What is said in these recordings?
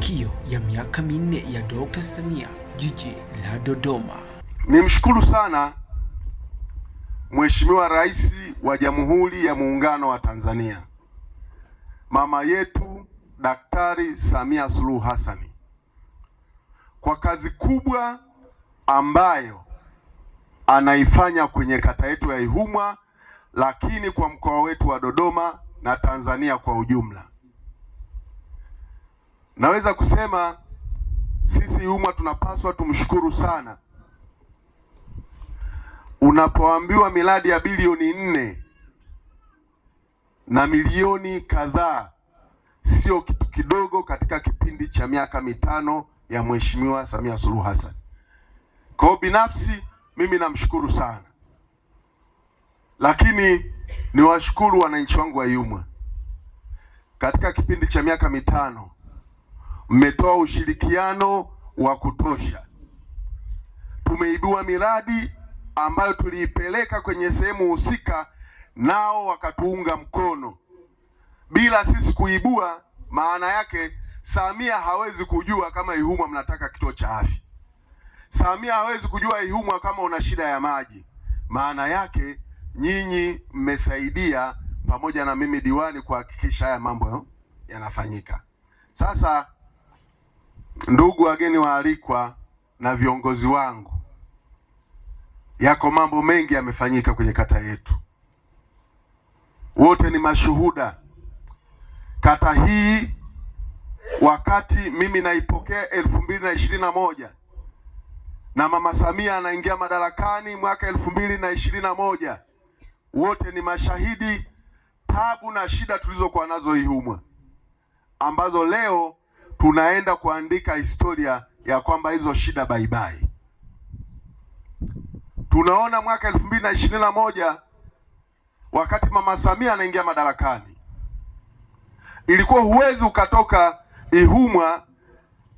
mafanikio ya miaka minne ya Dr. Samia jiji la Dodoma. Nimshukuru sana Mheshimiwa Rais wa Jamhuri ya Muungano wa Tanzania mama yetu Daktari Samia Suluhu Hassani kwa kazi kubwa ambayo anaifanya kwenye kata yetu ya Ihumwa, lakini kwa mkoa wetu wa Dodoma na Tanzania kwa ujumla. Naweza kusema sisi UMWA tunapaswa tumshukuru sana. Unapoambiwa miradi ya bilioni nne na milioni kadhaa, sio kitu kidogo katika kipindi cha miaka mitano ya Mheshimiwa Samia Suluhu Hassan. Kwa binafsi mimi namshukuru sana, lakini niwashukuru wananchi wangu wa UMWA katika kipindi cha miaka mitano mmetoa ushirikiano wa kutosha. Tumeibua miradi ambayo tuliipeleka kwenye sehemu husika, nao wakatuunga mkono. Bila sisi kuibua, maana yake Samia hawezi kujua kama Ihumwa mnataka kituo cha afya. Samia hawezi kujua Ihumwa kama una shida ya maji. Maana yake nyinyi mmesaidia pamoja na mimi diwani kuhakikisha haya mambo yanafanyika. Sasa Ndugu wageni waalikwa na viongozi wangu, yako mambo mengi yamefanyika kwenye kata yetu, wote ni mashuhuda. Kata hii wakati mimi naipokea elfu mbili na ishirini na moja na mama Samia anaingia madarakani mwaka elfu mbili na ishirini na moja wote ni mashahidi tabu na shida tulizokuwa nazo Ihumwa ambazo leo tunaenda kuandika historia ya kwamba hizo shida baibai. Tunaona mwaka elfu mbili na ishirini na moja wakati mama Samia anaingia madarakani, ilikuwa huwezi ukatoka Ihumwa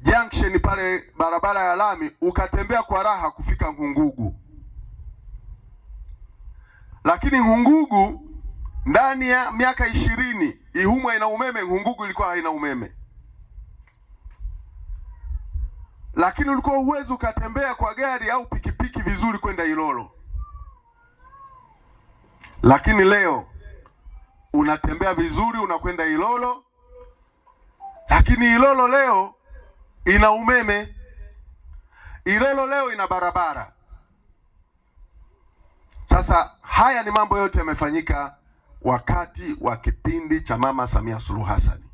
junction pale barabara ya lami ukatembea kwa raha kufika Ngungugu, lakini Ngungugu ndani ya miaka ishirini Ihumwa ina umeme, Ngungugu ilikuwa haina umeme. lakini ulikuwa uwezo ukatembea kwa gari au pikipiki vizuri kwenda Ilolo, lakini leo unatembea vizuri unakwenda Ilolo, lakini Ilolo leo ina umeme, Ilolo leo ina barabara. Sasa haya ni mambo yote yamefanyika wakati wa kipindi cha Mama Samia Suluhu Hassan.